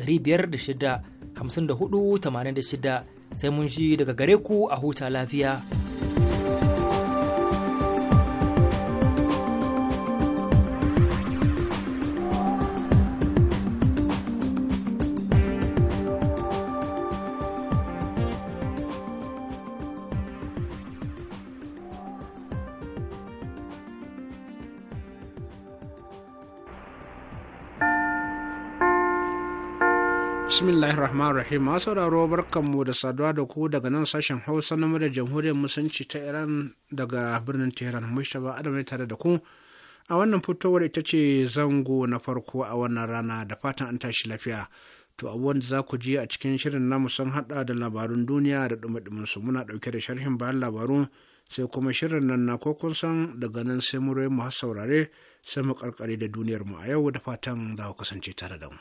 biyar da shida 506 shida sai mun shi daga gare ku a huta lafiya. bismillahir rahmanir rahim masu sauraro barkanmu da saduwa da ku daga nan sashen hausa na da jamhuriyar musulunci ta iran daga birnin tehran ba adam ne tare da ku a wannan fitowar ita ce zango na farko a wannan rana da fatan an tashi lafiya to abubuwan da za ku ji a cikin shirin namu sun hada da labarun duniya da dumadumin su muna dauke da sharhin bayan labaru sai kuma shirin nan na kokon san daga nan sai mu mu saurare sai mu karkare da duniyar mu a yau da fatan za ku kasance tare da mu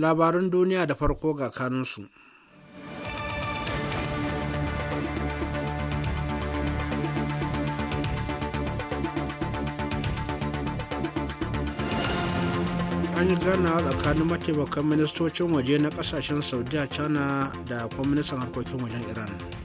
labarun duniya da farko ga kanunsu. an yi gana tsakanin mataimakan ministocin waje na kasashen saudiya china da kwaministan harkokin wajen iran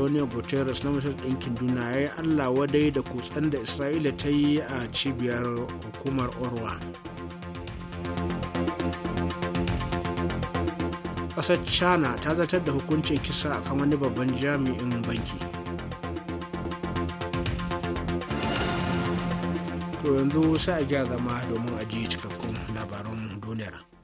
antonio guterres na majalisar ɗinkin duniya ya yi allah wadai da kutsen da isra'ila ta yi a cibiyar hukumar orwa ƙasar china ta zartar da hukuncin kisa a kan wani babban jami'in banki to yanzu sai a gyara zama domin ajiye cikakkun labaran duniya.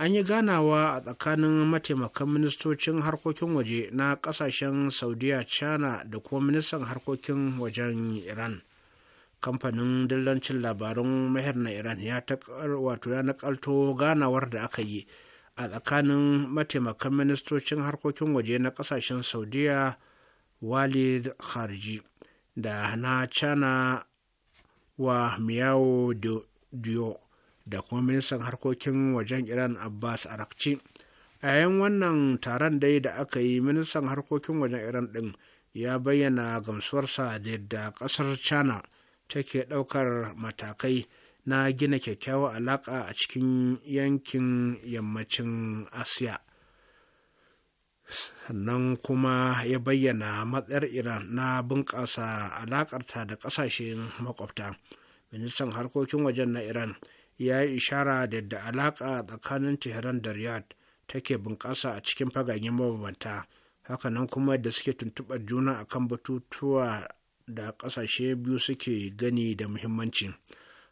an yi ganawa a tsakanin mataimakan ministocin harkokin waje na kasashen saudiya china da kuma ministan harkokin wajen iran kamfanin dillancin labarun mahir na iran ya wato ya nakalto ganawar da aka yi a tsakanin mataimakan ministocin harkokin waje na kasashen saudiya walid kharji da na china wa miyawo diyo da kuma ministan harkokin wajen iran abbas arakci a yayin wannan taron dai da aka yi ministan harkokin wajen iran din ya bayyana gamsuwarsa da yadda kasar china take daukar matakai na gina kyakkyawa alaka a cikin yankin yammacin asiya sannan kuma ya bayyana matsayar iran na bunƙasa alaƙarta da ƙasashen makwabta ministan harkokin wajen na iran ya yi ishara da yadda alaƙa tsakanin tehran da riyadh take bunƙasa a cikin fagagen mabambanta hakanan kuma da suke tuntuɓar juna a kan batutuwa da ƙasashe biyu suke gani da muhimmanci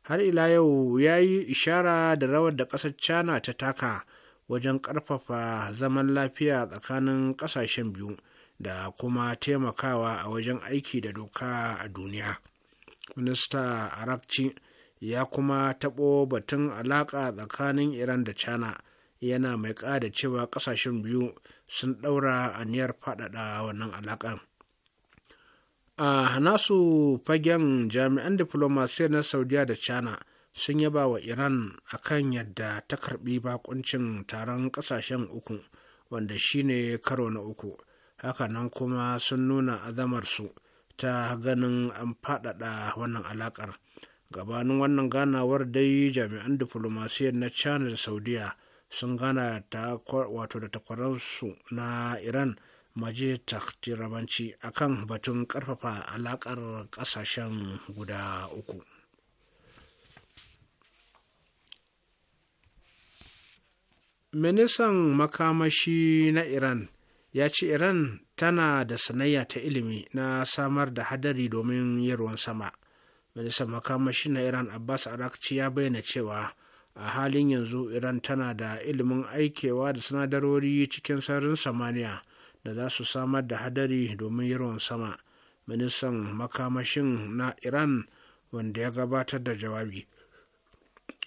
har ila yau ya yi ishara da rawar da ƙasar china ta taka wajen ƙarfafa zaman lafiya tsakanin ƙasashen biyu da kuma taimakawa a wajen aiki da doka a duniya minista arakci ya kuma taɓo batun alaƙa tsakanin iran da china yana mai ƙada cewa ƙasashen biyu sun ɗaura aniyar faɗaɗa wannan alaƙar a nasu fagen jami'an diplomasi na saudiya da china sun yaba wa iran akan yadda ta karɓi bakuncin taron ƙasashen uku wanda shine karo na uku hakanan kuma sun nuna azamarsu ta ganin an faɗaɗa wannan alaƙar gabanin wannan ganawar dai jami'an diflomasiyyar na china da saudiya sun gana ta wato da takwaransu na iran maje a kan batun karfafa alakar kasashen guda uku ministan makamashi na iran ya ce iran tana da sanayya ta ilimi na samar da hadari domin yin ruwan sama majalisar makamashi na iran abbas arakci ya bayyana cewa a halin yanzu iran tana da ilimin aikewa da sinadarori cikin sararin samaniya da za su samar da hadari domin yawan sama ministan makamashin na iran wanda ya gabatar da jawabi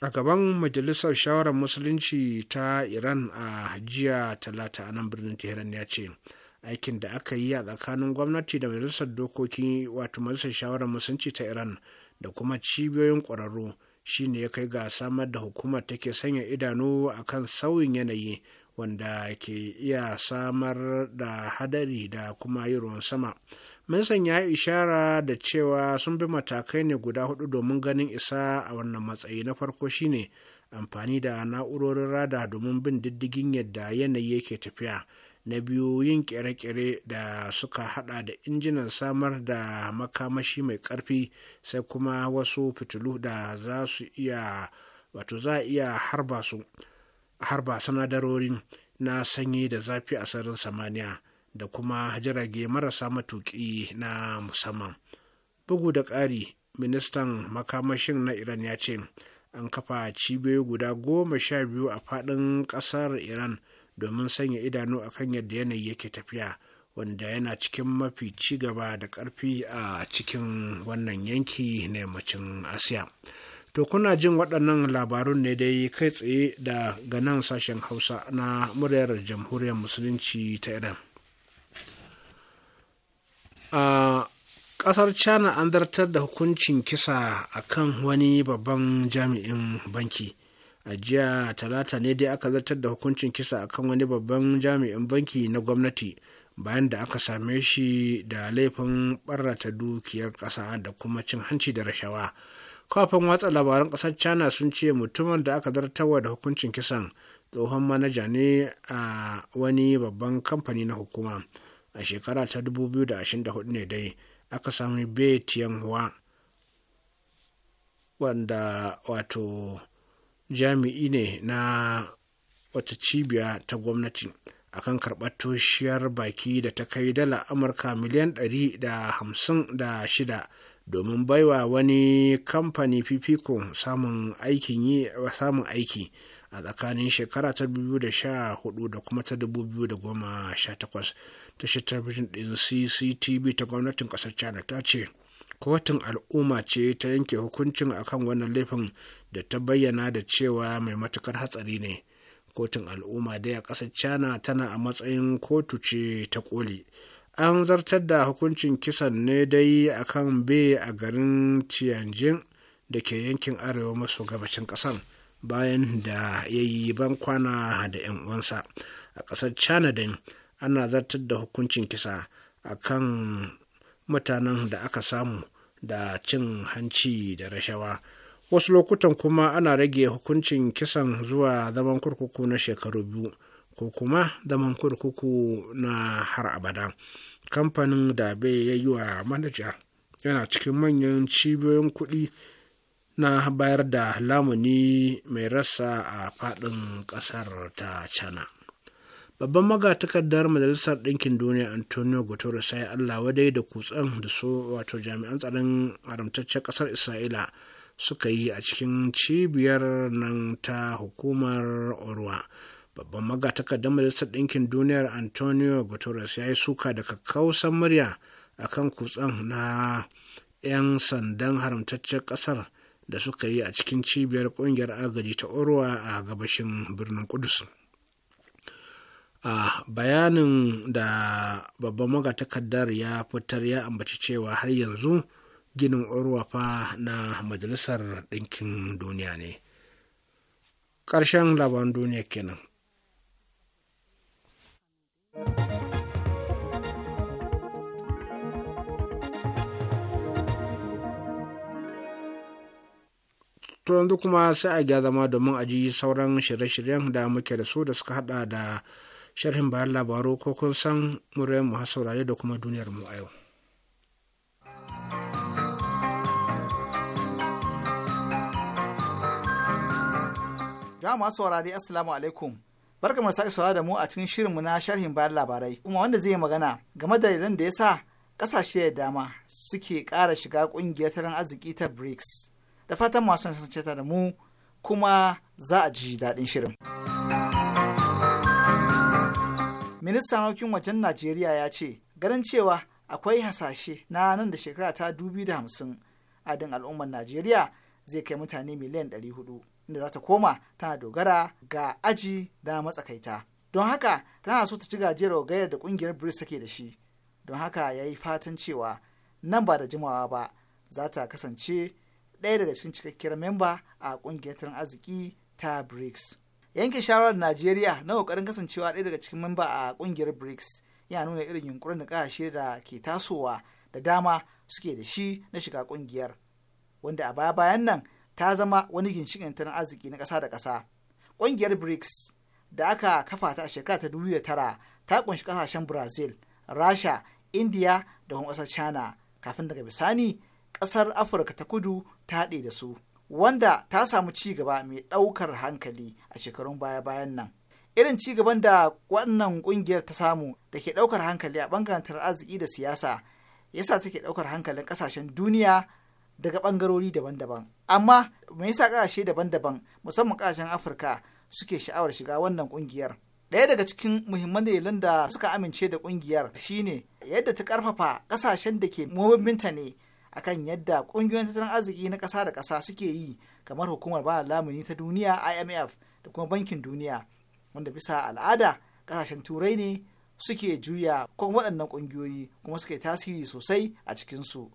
a gaban majalisar shawarar musulunci ta iran a jiya talata a nan birnin tehran ya ce aikin da aka yi a tsakanin gwamnati da majalisar dokoki wato majalisar shawarar musulunci ta iran da kuma cibiyoyin ƙwararru shine ya kai ga samar da hukumar take sanya idanu a kan sauyin yanayi wanda ke iya samar da hadari da kuma yi ruwan sama. Minsan ya ishara da cewa sun bi matakai ne guda hudu domin ganin isa a wannan matsayi na farko shine amfani da na'urorin rada domin bin diddigin yadda yanayi yake tafiya. na biyu yin kere-kere da suka hada da injinan samar da makamashi mai karfi sai kuma wasu fitilu da za su iya wato za a iya harba su na sanyi da zafi a sararin samaniya da kuma jirage marasa matuƙi na musamman bugu da ƙari ministan makamashin na iran ya ce an kafa cibiyoyi guda goma sha biyu a faɗin ƙasar iran domin sanya idanu a kan yadda yanayi yake tafiya wanda yana cikin mafi ci gaba da ƙarfi a cikin wannan yanki na yammacin asiya to kuna jin waɗannan labarun ne dai kai tsaye da ganan sashen hausa na muryar jamhuriyar musulunci ta iran a ƙasar china an zartar da hukuncin kisa a kan wani babban jami'in banki a jiya talata ne dai aka zartar da hukuncin kisa akan wani babban jami'in banki na gwamnati bayan da aka same shi da laifin barrata dukiyar ƙasa da kuma cin hanci da rashawa kafin watsa labaran ƙasar china sun ce mutumin da aka zartarwa da hukuncin kisan tsohon manaja ne a wani babban kamfani na hukuma a shekara ta 2024 ne dai aka sami betiyan wa wanda wato jami'i ne na wata cibiya ta gwamnati akan karɓar toshiyar baki da ta kai dala amurka miliyan ɗari da da hamsin shida domin baiwa wani kamfani fifiko samun aikin yi samun aiki a tsakanin shekara ta 2014 da kuma ta 2018 tashar talabijin ɗin cctv ta gwamnatin ƙasar china ta ce kotun al'umma ce ta yanke hukuncin akan wannan laifin da ta bayyana da cewa mai matukar hatsari ne kotun al'umma dai a ƙasar Cana tana a matsayin kotu ce ta koli an zartar da hukuncin kisan ne dai akan be a garin tianjin da ke yankin arewa maso gabashin ƙasar bayan da ya yi ban kwana da 'yan uwansa a ƙasar china din ana zartar da hukuncin kisa akan mutanen da aka samu da cin hanci da rashawa wasu lokutan kuma ana rage hukuncin kisan zuwa zaman kurkuku na shekaru biyu ko kuma zaman kurkuku na har abada kamfanin da bai ya yi wa manaja yana cikin manyan cibiyoyin kuɗi na bayar da lamuni mai rasa a faɗin ƙasar ta china babban magatakardar majalisar ɗinkin duniya antonio guterres ya allah wadai da kutsen da su wato jami'an tsaron haramtaccen ƙasar isra'ila suka yi a cikin cibiyar nan ta hukumar orwa babban magatakardar majalisar ɗinkin duniyar antonio guterres ya yi suka da kakkausan murya kan kutsen na 'yan sandan haramtaccen ƙasar da suka yi a cikin cibiyar ƙungiyar agaji ta orwa a gabashin birnin kudus. a bayanin da babban magatakardar ya fitar ya ambaci cewa har yanzu ginin fa na majalisar ɗinkin duniya ne ƙarshen labaran duniya kenan to yanzu kuma sai a gya zama domin a ji sauran shirye-shiryen da muke da su da suka hada da sharhin bayan labaru ko kun san muryar mu saurare da kuma duniyar mu a yau. Jama'a saurari Assalamu alaikum. Barka mu sake saurare da mu a cikin shirinmu na sharhin bayan labarai. Kuma wanda zai magana game da dalilan da ya sa kasashe da dama suke ƙara shiga ƙungiyar tattalin arziki ta BRICS. Da fatan masu sanceta da mu kuma za a ji daɗin shirin. ministan harkokin wajen najeriya ya ce ganin cewa akwai hasashe na nan da shekara ta da hamsin adin al'ummar najeriya zai kai mutane miliyan 400 inda za ta koma tana dogara ga aji da matsakaita don haka tana so ta ci gajiyar gayar da kungiyar brics take da shi don haka ya yi fatan cewa nan ba da jimawa ba za ta kasance ɗaya daga cikin cikakkiyar memba a kungiyar arziki ta brics yanke shawarar najeriya na kokarin kasancewa ɗaya daga cikin memba a ƙungiyar brics ya nuna irin yunkurin da kashe da ke tasowa da dama suke da shi na shiga ƙungiyar wanda a baya bayan nan ta zama wani ginshiƙin tattalin arziki na ƙasa da ƙasa ƙungiyar brics da aka kafa ta a shekara ta dubu tara ta ƙunshi ƙasashen brazil rasha indiya da kuma ƙasar china kafin daga bisani ƙasar afirka ta kudu ta haɗe da su wanda ta samu ci gaba mai ɗaukar hankali a shekarun baya-bayan nan. Irin ci gaban da wannan ƙungiyar ta samu da ke ɗaukar hankali a ɓangaren arziki da siyasa yasa take ɗaukar hankalin ƙasashen duniya daga ɓangarori daban-daban. Amma me yasa ƙasashe daban-daban musamman ƙasashen Afirka suke sha'awar shiga wannan ƙungiyar? Ɗaya daga cikin muhimman dalilan da suka amince da ƙungiyar shine yadda ta ƙarfafa ƙasashen da ke mabambinta ne akan yadda ƙungiyoyin tattalin arziki na ƙasa da ƙasa suke yi kamar hukumar ba lamuni ta duniya imf da kuma bankin duniya wanda bisa al'ada ƙasashen turai ne suke juya kuma waɗannan ƙungiyoyi kuma suke tasiri sosai a cikinsu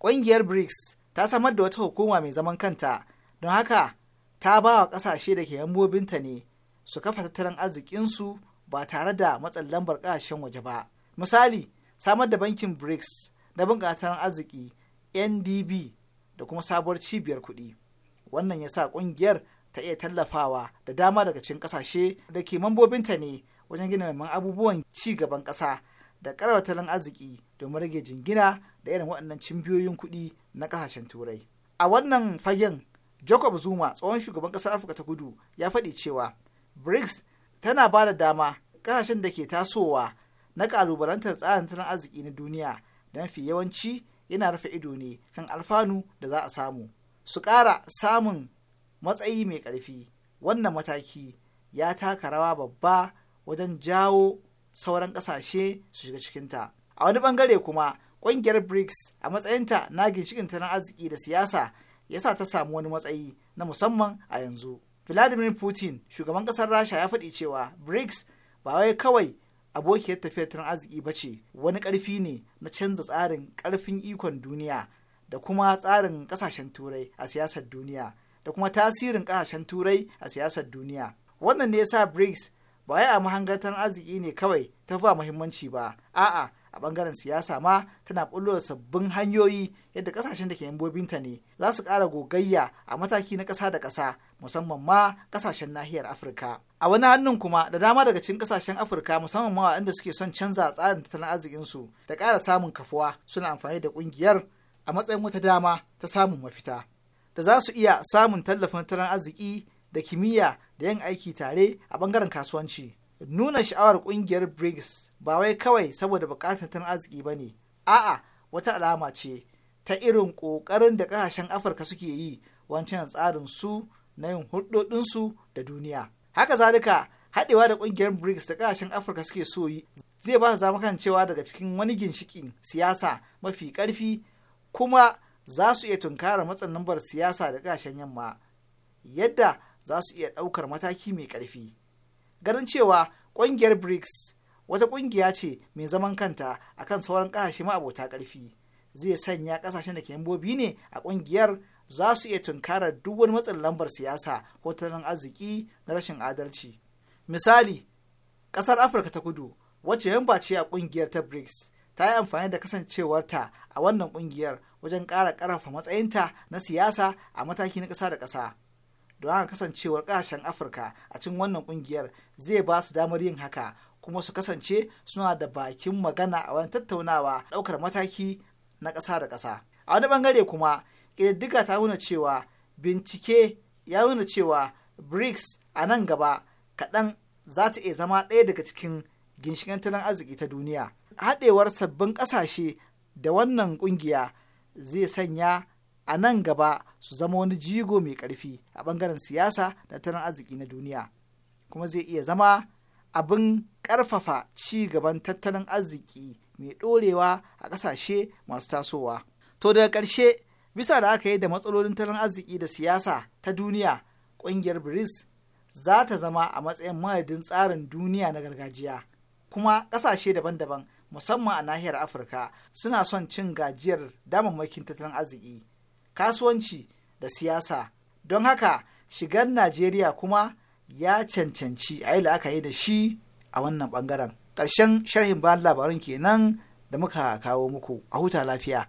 ƙungiyar brics ta samar da wata hukuma mai zaman kanta don haka ta ba wa ƙasashe da ke yambobinta ne su kafa tattalin arzikinsu ba tare da matsin lambar ƙasashen waje ba misali samar da bankin brics na bunƙasa arziki ndb da kuma sabuwar cibiyar kuɗi wannan ya sa ƙungiyar ta iya tallafawa da dama daga cikin ƙasashe da ke mambobinta ne wajen gina mamman abubuwan ci gaban ƙasa da ƙarar talan arziki domin rage jingina da irin waɗannan cimbiyoyin kuɗi na ƙasashen turai a wannan fagen jacob zuma tsohon shugaban ƙasar afirka ta kudu ya faɗi cewa brics tana ba da dama ƙasashen da ke tasowa na ƙalubalantar tsarin tattalin arziki na duniya don fi yawanci yana rufe ido ne kan alfanu da za a samu su ƙara samun matsayi mai ƙarfi wannan mataki ya taka rawa babba wajen jawo sauran ƙasashe su shiga cikinta a wani ɓangare kuma ƙungiyar brics a matsayinta na ginshikin tattalin arziki da siyasa ya sa ta samu wani matsayi na musamman a yanzu vladimir putin shugaban ƙasar rasha ya faɗi cewa brics ba wai kawai abokiyar tafiyar tun arziki ba ce wani ƙarfi ne na canza tsarin ƙarfin ikon duniya da kuma tsarin ƙasashen turai a siyasar duniya da kuma tasirin ƙasashen turai a siyasar duniya wannan ne yasa brics ba ya a mahangar tun arziki ne kawai ta ba muhimmanci ba a'a a ɓangaren siyasa ma tana bullo sabbin hanyoyi yadda ƙasashen da ke yambobinta ne za su ƙara gogayya a mataki na ƙasa da ƙasa musamman ma kasashen nahiyar afirka a wani hannun kuma da dama daga cikin kasashen afirka musamman ma waɗanda suke son canza tsarin tattalin arzikinsu da ƙara samun kafuwa suna amfani da ƙungiyar a matsayin wata dama ta samun mafita da za su iya samun tallafin tattalin arziki da kimiyya da yin aiki tare a ɓangaren kasuwanci nuna sha'awar ƙungiyar brics ba wai kawai saboda buƙatar tattalin arziki ba ne a'a wata alama ce ta irin ƙoƙarin da ƙasashen afirka suke yi wancan tsarin su na yin hulɗoɗinsu da duniya haka zalika haɗewa da ƙungiyar brics da ƙasashen afirka suke so yi zai ba su zama kan cewa daga cikin wani ginshikin siyasa mafi ƙarfi kuma za su iya tunkara matsin lambar siyasa da ƙasashen yamma yadda za su iya ɗaukar mataki mai ƙarfi ganin cewa ƙungiyar brics wata ƙungiya ce mai zaman kanta akan sauran ƙasashe ma abota ƙarfi zai sanya ƙasashen da ke yambobi ne a ƙungiyar za su iya tunkarar duk wani matsin lambar siyasa ko tattalin arziki na rashin adalci misali ƙasar afirka ta kudu wacce yamba ce a ƙungiyar ta brics ta yi amfani da kasancewarta a wannan ƙungiyar wajen ƙara ƙarfafa matsayinta na siyasa a mataki na ƙasa da ƙasa don haka kasancewar ƙasashen afirka a cikin wannan ƙungiyar zai ba su damar yin haka kuma su kasance suna da bakin magana a wani tattaunawa ɗaukar mataki na ƙasa da ƙasa a wani ɓangare kuma ƙididdiga ta nuna cewa bincike ya nuna cewa brics a nan gaba kaɗan za ta iya zama ɗaya daga cikin ginshiƙan tattalin arziki ta duniya haɗewar sabbin ƙasashe da wannan ƙungiya zai sanya a nan gaba su zama wani jigo mai ƙarfi a ɓangaren siyasa da tattalin arziki na duniya kuma zai iya zama abin ƙarfafa ci gaban tattalin arziki mai ɗorewa a ƙasashe masu tasowa to daga ƙarshe bisa da aka yi da matsalolin tattalin arziki da siyasa ta duniya ƙungiyar brics za ta zama a matsayin madadin tsarin duniya na gargajiya kuma ƙasashe daban-daban musamman a nahiyar afirka suna son cin gajiyar damammakin tattalin arziki kasuwanci da siyasa don haka shigar najeriya kuma ya cancanci a yi la'akari da shi a wannan bangaren ƙarshen sharhin bayan labarin kenan da muka kawo muku a huta lafiya.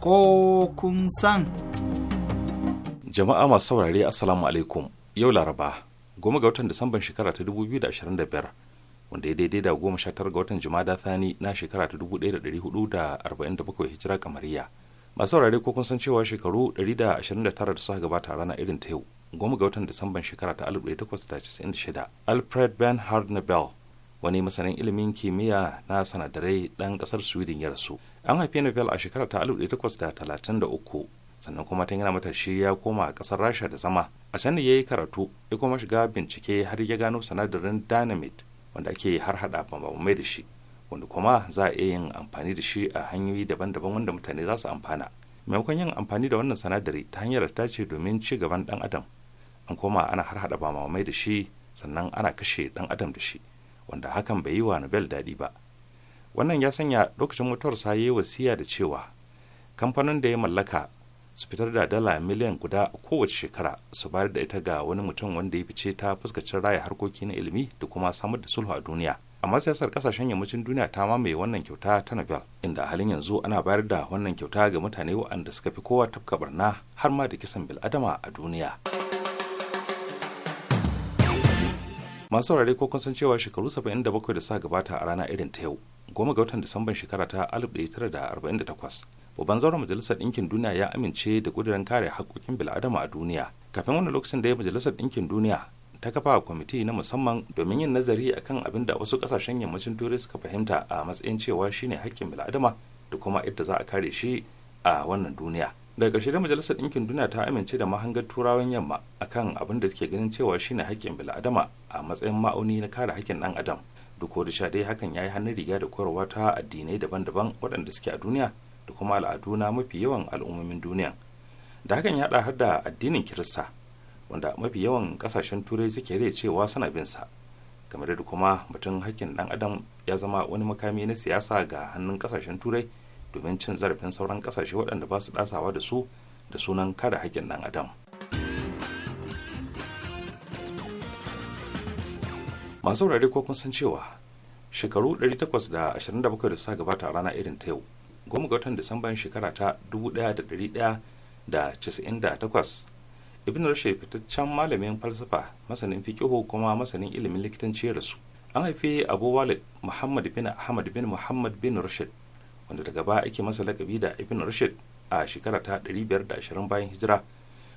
ko kun san. Jama'a masu saurare Assalamu alaikum yau Laraba goma ga watan Disamban shekara ta 2025 wanda ya daidai da goma sha tara ga watan Jumada Thani na shekara ta 1447 hijira kamariya. Masu saurare ko kun san cewa shekaru 129 da suka gabata a rana irin ta yau goma ga watan Disamban shekara ta 1896 Alfred Bernhard Nobel wani masanin ilimin kimiyya na sanadarai ɗan ƙasar Sweden ya rasu. an haifi Nobel a shekarar ta uku sannan kuma ta yana matashi ya koma a ƙasar Rasha da zama a can ya yi karatu ya kuma shiga bincike har ya gano sanadarin dynamite wanda ake har hada bambamai da shi wanda kuma za a iya yin amfani da shi a hanyoyi daban-daban wanda mutane za su amfana maimakon yin amfani da wannan sanadari ta hanyar ta ce domin ci gaban dan adam an koma ana har hada bambamai da shi sannan ana kashe dan adam da shi wanda hakan bai yi wa Nobel daɗi ba wannan ya sanya lokacin mutuwarsa ya yi wasiya da cewa kamfanin da ya mallaka su fitar da dala miliyan guda kowace shekara su bayar da ita ga wani mutum wanda ya fice ta fuskacin raya harkoki na ilimi da kuma samar da sulhu a duniya amma siyasar kasashen yammacin duniya ta mamaye wannan kyauta ta nobel inda a halin yanzu ana bayar da wannan kyauta ga mutane waɗanda suka fi kowa tafka barna har ma da kisan bil'adama a duniya masu saurare ko kun san cewa shekaru 77 da suka gabata a rana irin ta yau goma ga watan disamban shekara ta 1948 babban zauren majalisar ɗinkin duniya ya amince da ƙudurin kare haƙƙoƙin bil'adama a duniya kafin wani lokacin da ya majalisar ɗinkin duniya ta kafa kwamiti na musamman domin yin nazari akan abin da wasu ƙasashen yammacin turai suka fahimta a matsayin cewa shi ne haƙƙin bil'adama da kuma yadda za a kare shi a wannan duniya daga ƙarshe da majalisar ɗinkin duniya ta amince da mahangar turawan yamma akan abin da suke ganin cewa shine haƙƙin bil'adama a matsayin ma'auni na kare haƙƙin ɗan adam duk da dai hakan ya yi hannun riga da korowa ta addinai daban-daban waɗanda suke a duniya da kuma al'adu na mafi yawan al'ummomin duniya da hakan ya haɗa har da addinin kirista wanda mafi yawan ƙasashen turai suke rai cewa suna bin sa kamar da kuma mutum hakkin ɗan adam ya zama wani makami na siyasa ga hannun ƙasashen turai domin cin zarafin sauran ƙasashe waɗanda ba su ɗasawa da su da sunan kada hakkin ɗan adam masu wurare ko kun san cewa shekaru 827 da sa gabata a rana irin ta yau goma ga watan disamban shekara ta 1198 ibn rashe fitaccen malamin falsafa masanin fiqihu kuma masanin ilimin likitanci ya rasu an haife abu walid muhammad bin ahmad bin muhammad bin rashid wanda daga baya ake masa lakabi da ibn rashid a shekara ta 520 bayan hijira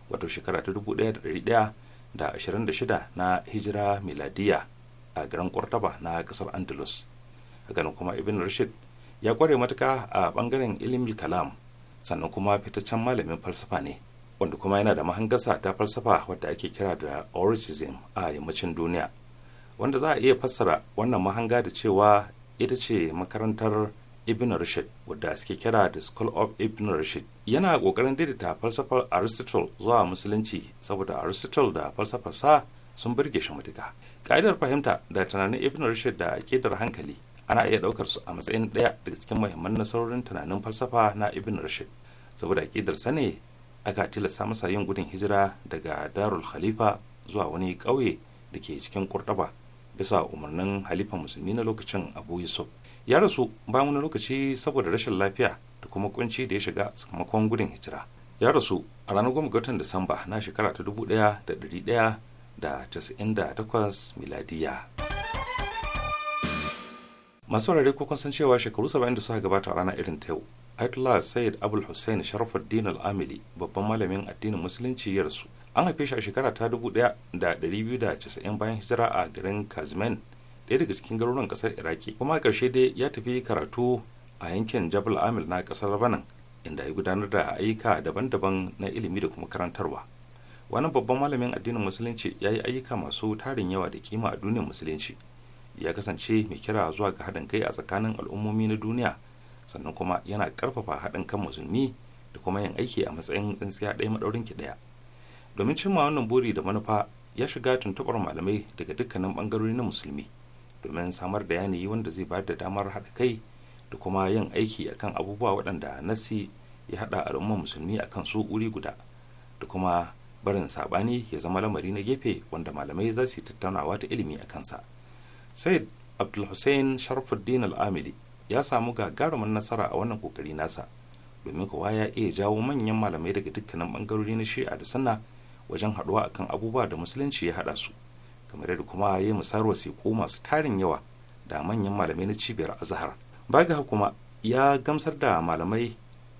wato shekara ta 1126 na hijira miladiya a garin kwartaba na kasar Andalus. garin kuma Ibn Rashid ya kware matuka a bangaren ilimi kalam sannan kuma fitaccen malamin falsafa ne wanda kuma yana da mahangasa ta falsafa wadda ake kira da Orichism a yammacin duniya wanda za a iya fassara wannan mahanga da cewa ita ce makarantar Ibn Rashid wadda suke kira da School of Ibn Rashid yana kokarin daidaita falsafar Aristotle zuwa musulunci saboda Aristotle da falsafarsa sun birge shi matuka ka'idar fahimta da tunanin ibn rushd da ƙidar hankali ana iya ɗaukar su a matsayin ɗaya daga cikin muhimman nasarorin tunanin falsafa na ibn rushd saboda ƙidar sa ne aka tilasta masa yin gudun hijira daga darul khalifa zuwa wani ƙauye da ke cikin kurɗaba bisa umarnin halifan musulmi na lokacin abu yusuf ya rasu bayan wani lokaci saboda rashin lafiya da kuma kunci da ya shiga sakamakon gudun hijira ya rasu a ranar goma ga watan disamba na shekara ta dubu ɗaya da ɗari ɗaya da 98 miladiya. masu wurare ko san cewa shekaru 70 da suka gabata a ranar irin ta yau Ayatollah Sayyid Abul Hussein Sharafuddin Al-Amili babban malamin addinin musulunci ya rasu an haife shi a shekara ta dubu da da biyu casa'in bayan hijira a garin Kazmen ɗaya daga cikin garuruwan ƙasar Iraki kuma a ƙarshe dai ya tafi karatu a yankin Jabal Amil na ƙasar Lebanon inda ya gudanar da ayyuka daban-daban na ilimi da kuma karantarwa wani babban malamin addinin musulunci ya yi ayyuka masu tarin yawa da kima a duniyar musulunci ya kasance mai kira zuwa ga haɗin kai a tsakanin al'ummomi na duniya sannan kuma yana ƙarfafa haɗin kan musulmi da kuma yin aiki a matsayin tsintsiya ɗaya maɗaurin ki ɗaya domin cimma wannan buri da manufa ya shiga tuntuɓar malamai daga dukkanin ɓangarori na musulmi domin samar da yanayi wanda zai bayar da damar haɗa kai da kuma yin aiki akan abubuwa waɗanda nasi ya haɗa al'ummar musulmi akan su guri guda da kuma barin saɓani ya zama lamari na gefe wanda malamai za su tattaunawa ta ilimi a kansa said abdulhussein sharfuddin al'amili ya samu gagarumin nasara a wannan kokari nasa domin kowa ya iya jawo manyan malamai daga dukkanin bangarori na shi'a da sunna wajen haɗuwa akan abubuwa da musulunci ya haɗa su kamar yadda kuma ya yi musayar wasiƙu masu tarin yawa da manyan malamai na cibiyar azahar baga kuma ya gamsar da malamai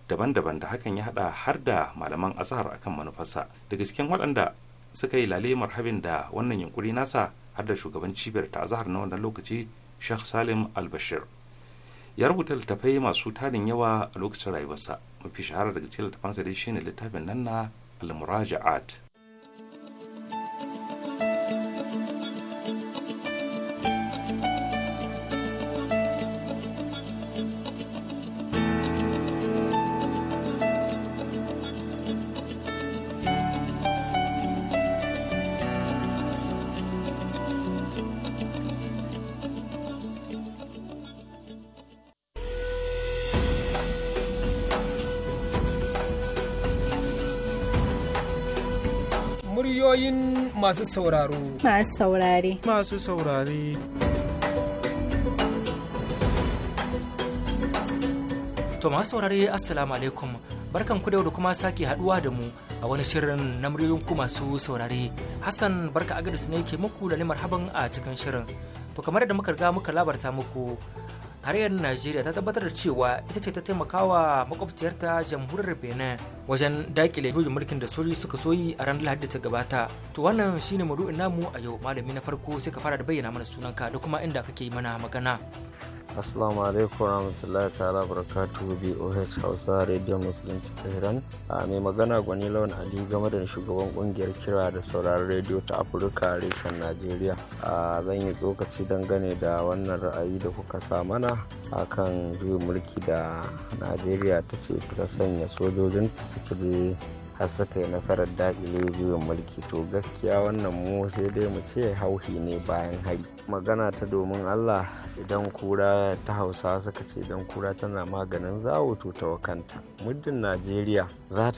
daban-daban da hakan ya hada har da malaman azhar akan manufarsa daga cikin waɗanda suka yi lale marhabin da wannan yunkuri nasa har da shugaban cibiyar ta azhar na wannan lokaci Sheikh Salim Al-Bashir ya rubuta littafai masu tarin yawa a lokacin rayuwarsa mafi shahara daga cikin littafansa dai shine littafin nan na Al-Muraja'at masu sauraro. Masu saurare. Masu saurare. To masu saurare Assalamu alaikum. Barkan ku da yau da kuma sake haduwa da mu a wani shirin na ku masu saurare. Hassan barka agadis ne ke muku da haban a cikin shirin. To kamar da muka riga muka labarta muku tarayyar Najeriya ta tabbatar da cewa ita ce ta taimakawa makwabciyarta jamhuriyar Benin wajen dakile juyin mulkin da sojoji suka soyi a ranar lahadi ta gabata to wannan shine maudu'in namu a yau malami na farko sai ka fara da bayyana mana sunanka da kuma inda kake mana magana Assalamu alaikum warahmatullahi ta'ala barakatuhu BOH Hausa Radio Musulunci Tehran. A mai magana gwani lawan Ali game da shugaban kungiyar kira da sauraron radio ta Afirka reshen nigeria A zan yi tsokaci dangane da wannan ra'ayi da kuka sa mana akan juyin mulki da Najeriya ta ce ta sanya sojojin ta suka je har suka yi nasarar dakile juyin mulki to gaskiya wannan mu sai dai mu ce hauhi ne bayan hari magana ta domin allah idan kura ta hausa suka ce idan kura tana maganin zawo to ta muddin najeriya za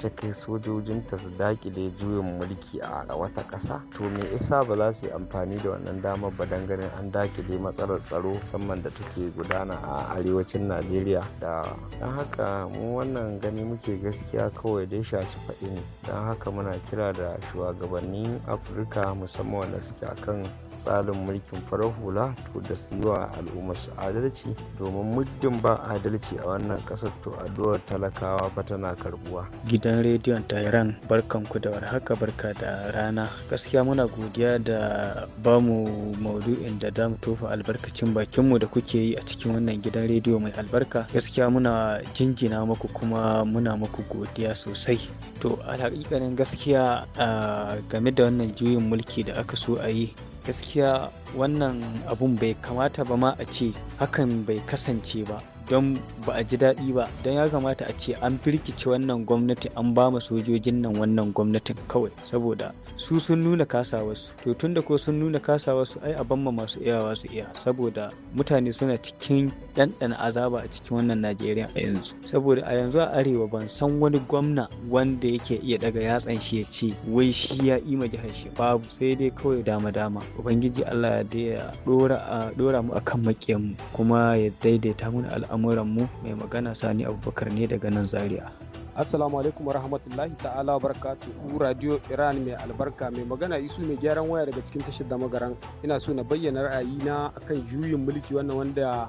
ta kai sojojinta su dakile juyin mulki a wata ƙasa to me isa ba za su yi amfani da wannan damar ba don ganin an dakile matsalar tsaro musamman da take gudana a arewacin najeriya da don haka mu wannan gani muke gaskiya kawai dai sha su faɗi ne don haka muna kira da shugabannin afirka musamman wanda suke akan tsarin mulkin farar hula to da su yi wa al'ummar su adalci domin muddin ba adalci a wannan ƙasar to addu'ar talaka ba tana karbuwa. Gidan rediyon Tehran barkan ku da warhaka barka da rana. Gaskiya muna godiya da bamu maudu'in da damu tofa albarkacin bakinmu da kuke yi a cikin wannan gidan rediyo mai albarka. Gaskiya muna jinjina muku kuma muna muku godiya sosai. To alhaƙiƙanin gaskiya ah, game da wannan juyin mulki da aka so a yi gaskiya wannan abun bai kamata ba ma a ce hakan bai kasance ba don ba a ji daɗi ba don ya kamata a ce an firkice wannan gwamnati an ba ma sojojin nan wannan gwamnatin kawai saboda su sun nuna wasu to tun da ko sun nuna wasu ai a ma masu iyawa su iya saboda mutane suna cikin ɗanɗana azaba a cikin wannan najeriya a yanzu saboda a yanzu a arewa ban san wani gwamna wanda yake iya daga yatsan shi ya ce wai shi ya ima jihar shi babu sai dai kawai dama dama ubangiji allah Allah da ya dora mu akan makiyan mu kuma ya daidaita mana al'amuran mu mai magana Sani Abubakar ne daga nan Zaria. Assalamu alaikum wa rahmatullahi ta'ala wa barakatuhu Radio Iran mai albarka mai magana isu mai gyaran waya daga cikin tashar da magaran ina so na bayyana ra'ayi na akan juyin mulki wannan wanda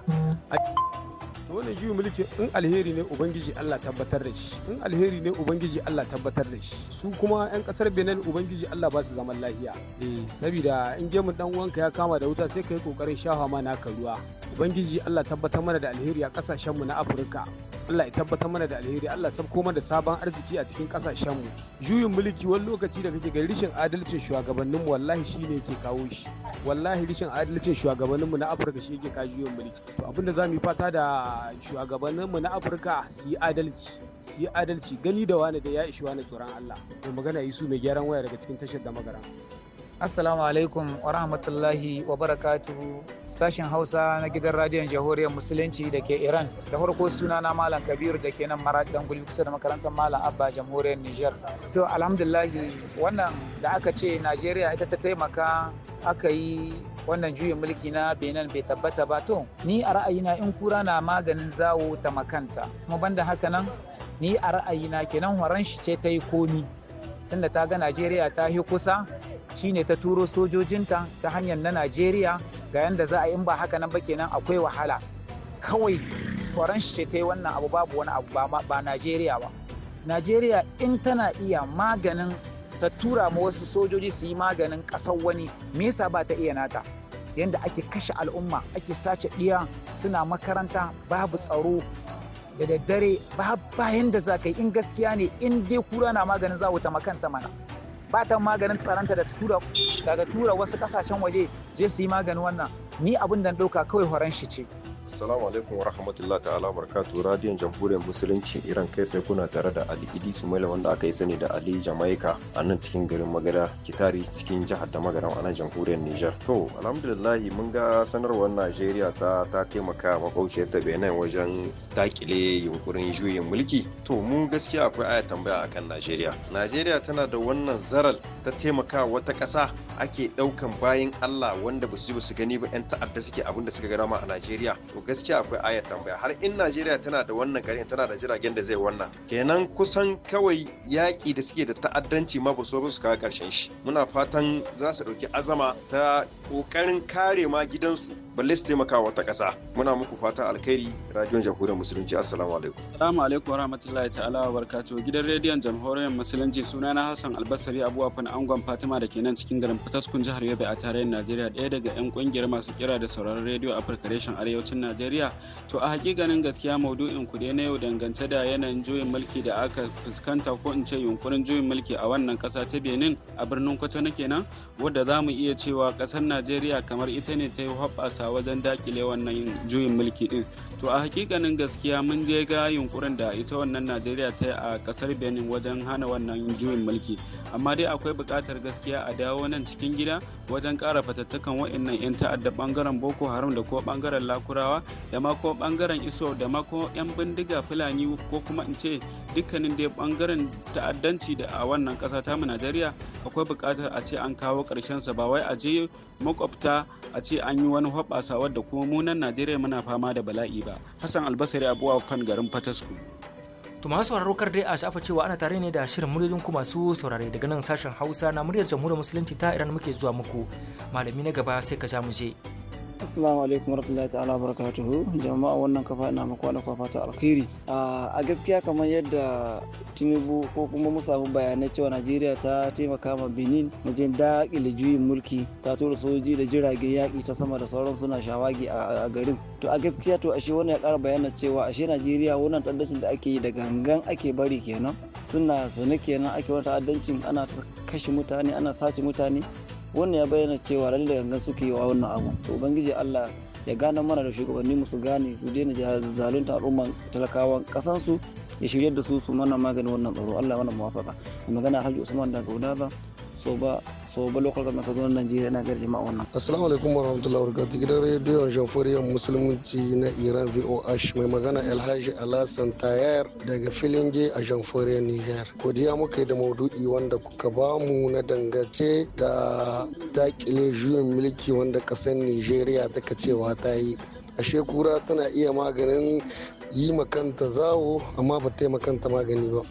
wannan juyin mulki, in alheri ne ubangiji Allah tabbatar da shi in alheri ne ubangiji Allah tabbatar da shi su kuma yan kasar Benin ubangiji Allah ba su zaman lafiya eh saboda in mu dan uwanka ya kama da wuta sai kai kokarin shafa ma naka ruwa ubangiji Allah tabbatar mana da alheri a kasashen mu na Afirka Allah ya tabbatar mana da alheri Allah sabko mana da sabon arziki a cikin kasashen mu juyin mulki wani lokaci da kake ga rishin adalcin shugabannin mu wallahi shine yake kawo shi wallahi rishin adalcin shugabannin mu na Afirka shi yake kawo juyin mulki to abinda zamu yi fata da shugabannin na Afirka su yi adalci su yi adalci gani da wani da ya ishi wani tsoron Allah to magana yi su mai gyaran waya daga cikin tashar da magara Assalamu alaikum wa rahmatullahi wa barakatu sashen Hausa na gidan radiyon jahoriyar Musulunci da ke Iran. Da farko suna na Malam Kabiru da ke nan Maraɗin Gulbi kusa da makarantar Malam Abba Jamhuriyar Nijar. To alhamdulillahi wannan da aka ce Najeriya ita ta taimaka aka yi wannan juyin mulki na benin bai tabbata ba to ni a ra'ayina in kura na maganin zawo ta makanta kuma banda haka nan ni a ra'ayina kenan horon shi ce ta yi komi tunda ta ga najeriya ta yi kusa shine ta turo sojojinta ta hanyar na najeriya ga yadda za a in ba haka nan ba kenan akwai wahala kawai foran ce ta yi wannan abu babu wani abu ba najeriya ba najeriya in tana iya maganin ta tura ma wasu sojoji su yi maganin ƙasar wani me yasa ba ta iya nata yanda ake kashe al'umma ake sace ɗiya suna makaranta babu tsaro da daddare ba bayan da za ka yi in gaskiya ne in dai kura na maganin za ta makanta mana ba maganin tsaranta da tura daga tura wasu kasashen waje je su yi maganin wannan ni abin da ɗauka kawai horon shi ce Assalamu alaikum wa rahmatullahi ta'ala barakatu radiyon jamhuriyar musulunci Iran kai sai kuna tare da Ali Idi Sumaila wanda aka yi sani da Ali Jamaica a nan cikin garin Magada Kitari cikin jihar ta magara a nan jamhuriyar Nijar. To alhamdulillah mun ga sanarwar Najeriya ta ta taimaka makwauciyar ta Benin wajen dakile yunkurin juyin mulki. To mu gaskiya akwai aya tambaya akan Najeriya. Najeriya tana da wannan zaral ta taimaka wata ƙasa ake ɗaukan bayan Allah wanda ba su ji ba su gani ba 'yan ta'adda suke abinda suka gara ma a Najeriya. gaskiya akwai aya tambaya har in Najeriya tana da wannan garin tana da jiragen da zai wannan kenan kusan kawai yaƙi da suke da ta'addanci ma ba so ba su kawo ƙarshen shi muna fatan za su ɗauki azama ta ƙoƙarin kare ma gidansu balle su taimaka wata ƙasa muna muku fatan alkhairi radiyon jamhuriyar musulunci assalamu alaikum assalamu alaikum warahmatullahi ta'ala wa barakatuh gidan rediyon jamhuriyar musulunci sunana hassan albasari abuwafan angon fatima da ke nan cikin garin fataskun jihar yobe a tarayyar najeriya ɗaya daga yan kungiyar masu kira da sauraron rediyo a farkareshin arewacin najeriya to a hakikanin gaskiya maudu'in ku na yau dangance da yanayin juyin mulki da aka fuskanta ko in ce yunkurin juyin mulki a wannan ƙasa ta benin a birnin na kenan wadda za mu iya cewa ƙasar najeriya kamar ita ne ta yi hoɓɓasa wajen dakile wannan juyin mulki din to a hakikanin gaskiya mun je ga yunkurin da ita wannan najeriya ta yi a kasar benin wajen hana wannan juyin mulki amma dai akwai buƙatar gaskiya a dawo nan cikin gida wajen ƙara fatattakan wa'annan 'yan ta'adda bangaren boko haram da kuma bangaren lakurawa da ma ko bangaren iso da ma ko 'yan bindiga fulani ko kuma in ce dukkanin dai bangaren ta'addanci da a wannan ƙasa tamu najeriya akwai buƙatar a ce an kawo ƙarshen sa ba wai a je makwabta a ce an yi wani hoɓasa wadda kuma munan najeriya muna fama da bala'i ba hassan albasari abuwa kan garin fatasku to masu sauraro kar dai a shafa cewa ana tare ne da shirin muryoyin ku masu saurare daga nan sashen hausa na muryar jamhuriyar musulunci ta iran muke zuwa muku malami na gaba sai ka ja mu je Assalamu alaikum warahmatullahi ta'ala barakatuhu jama'a wannan kafa ina muku wani kwafa ta alkhairi a gaskiya kamar yadda tinubu ko kuma mu samu bayanai cewa najeriya ta taimaka ma benin wajen daƙile juyin mulki ta tura sojoji da jirage yaƙi ta sama da sauran suna shawagi a garin to a gaskiya to ashe wannan ya kara bayana cewa ashe najeriya wannan ta'addancin da ake yi da gangan ake bari kenan suna sone kenan ake wani ta'addancin ana kashe mutane ana sace mutane wannan ya bayyana cewa lalle gangan suke yi wa wannan abu to ubangiji allah ya gane mana da shugabanni mu su gane su daina zalunta al'umman talakawan kasansu ya shiryar da su su mana maganin wannan tsaro allah mana muwafaka magana hajji usman da gaudaza so ba sobo ba local government ka zo Najeriya ina ga jama'a wannan assalamu alaikum warahmatullahi wabarakatuh gidan rediyon jafuriya musulunci na Iran VOH mai magana Alhaji Alhassan Tayar daga filin je a jafuriya Niger godiya muka yi da maudu'i wanda kuka mu na dangace da dakile juyin mulki wanda kasar Nijeriya ta cewa ta yi ashe kura tana iya maganin yi makanta zawo amma ba ta yi makanta magani ba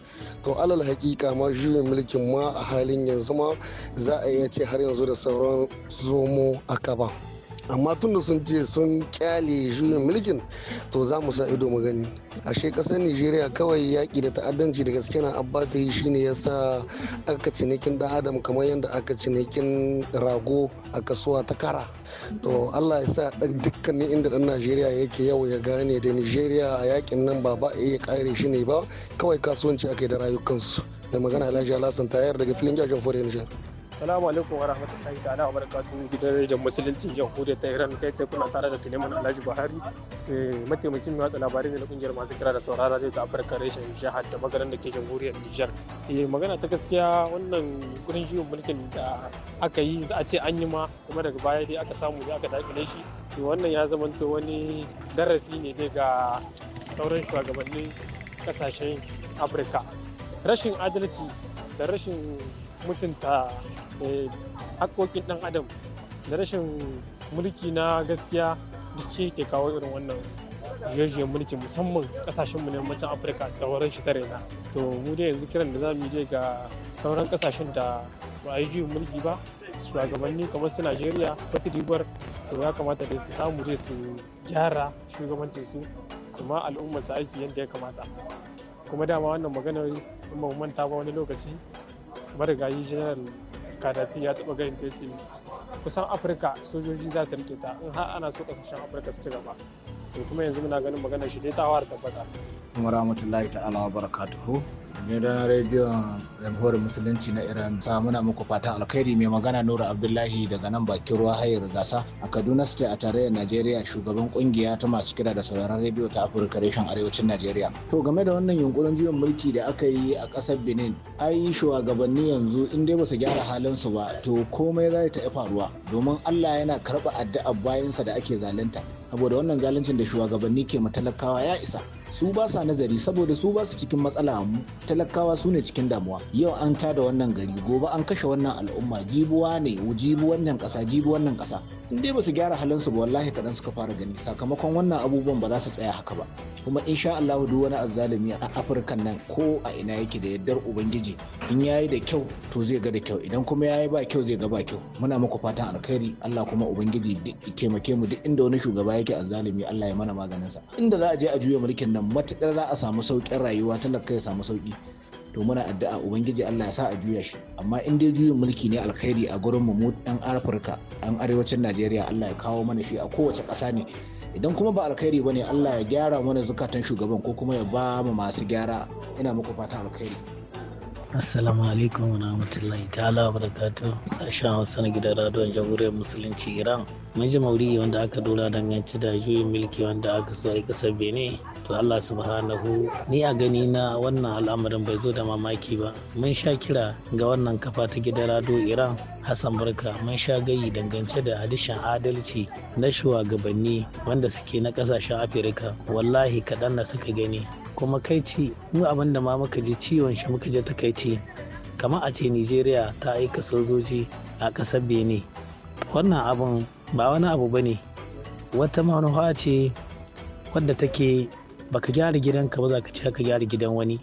to alal hakika ma juyin mulkin ma a halin yanzu ma za a iya ce har yanzu da sauran zomo a kaba. amma tun da sun ce sun kyale juyin mulkin to za mu sa ido mu gani ashe kasar nigeria kawai yaƙi da ta'addanci da gaske na abba ta yi shine ya sa aka cinikin dan adam kamar yadda aka cinikin rago a kasuwa ta kara to allah ya sa dukkanin inda dan nigeria yake yau ya gane da nigeria a yakin nan ba ba a iya kare shi ne ba kawai kasuwanci aka yi da rayukansu da magana alhaji alhassan tayar daga filin jajen fure nijar Salamu alaikum wa rahmatullahi ta'ala wa barakatu gidan rediyon musulunci jamhuriyar ta Iran kai ce kuna tare da Suleiman Alhaji Buhari eh, mataimakin watsa labarai da na kungiyar masu kira da saurara zai ta Afirka reshen jihar da maganar da ke jamhuriyar Nijar. Eh, magana ta gaskiya wannan gurin jiwon mulkin da aka yi za a ce an yi ma kuma daga baya dai aka samu da aka dakile shi wannan ya zamanto wani darasi ne dai ga sauran shugabannin kasashen Afirka. Rashin adalci da rashin mutunta eh, haƙoƙin ɗan adam da rashin mulki na gaskiya duk shi ke kawo irin wannan juye mulki musamman kasashenmu na yammacin afirka da wurin shi tare na. to mu dai yanzu kiran da za mu je ga sauran kasashen da ba a yi juyin mulki ba shugabanni kamar su najeriya wata ribar to ya kamata da su samu dai su gyara shugabancin su su ma al'ummar su aiki yadda ya kamata kuma dama wannan maganar in ba manta ba wani lokaci marigayi general kadafi ya taɓa gayin ta ne kusan afirka sojoji za su rike ta in har ana so kasashen afirka su ci gaba to kuma yanzu muna ganin magana shi dai ta tabbata alaikum warahmatullahi ta'ala wa barakatuhu da rediyon jamhuri musulunci na iran sa muna muku fatan alkhairi mai magana nura abdullahi daga nan bakin ruwa hayar gasa a kaduna state a tarayyar najeriya shugaban kungiya ta masu kira da sauraron rediyo ta afirka reshen arewacin najeriya to game da wannan yunkurin juyin mulki da aka yi a kasar benin ayi shugabanni yanzu in dai basu gyara halin su ba to komai za ta faruwa domin allah yana karɓa addu'a bayansa da ake zalunta saboda wannan zaluncin da shugabanni ke matalakawa ya isa su ba sa nazari saboda su ba su cikin matsala talakawa su ne cikin damuwa yau an ta da wannan gari gobe an kashe wannan al'umma jibuwa ne jibu wannan kasa jibu wannan kasa in dai ba su gyara halin su ba wallahi kadan suka fara gani sakamakon wannan abubuwan ba za su tsaya haka ba kuma insha Allah duk wani azzalumi a Afirka nan ko a ina yake da yardar ubangiji in yayi da kyau to zai ga da kyau idan kuma yayi ba kyau zai ga ba kyau muna muku fatan alkhairi Allah kuma ubangiji taimake mu duk inda wani shugaba yake azzalumi Allah ya mana maganinsa inda za a je a juya mulkin nan nan matukar za a samu sauƙin rayuwa talaka ya samu sauƙi to muna addu'a ubangiji Allah ya sa a juya shi amma in dai juyin mulki ne alkhairi a gurin mu dan Afirka an arewacin Najeriya Allah ya kawo mana shi a kowace ƙasa ne idan kuma ba alkhairi bane Allah ya gyara mana zukatan shugaban ko kuma ya ba mu masu gyara ina muku fata alkhairi Assalamu alaikum wa rahmatullahi ta'ala wa barakatu sashen Hausa na gidan radon jamhuriyar musulunci Iran. Mun ji mauri wanda aka dora danganci da juyin milki wanda aka so a kasar Benin. To Allah subhanahu ni a gani na wannan al'amarin bai zo da mamaki ba. Mun sha kira ga wannan kafa ta gidan rado Iran Hassan Barka mun sha gayi dangance da hadishin adalci na shugabanni wanda suke na kasashen Afirka. Wallahi kaɗan na suka gani kuma kai ci mu abin da ma muka ji ciwon shi muka ji takaici kamar a ce nigeria ta aika sojoji a ƙasar benin wannan abun ba wani abu ba ne wata manufa ce wadda take baka gyara gidanka ba za ka ci ka gyara gidan wani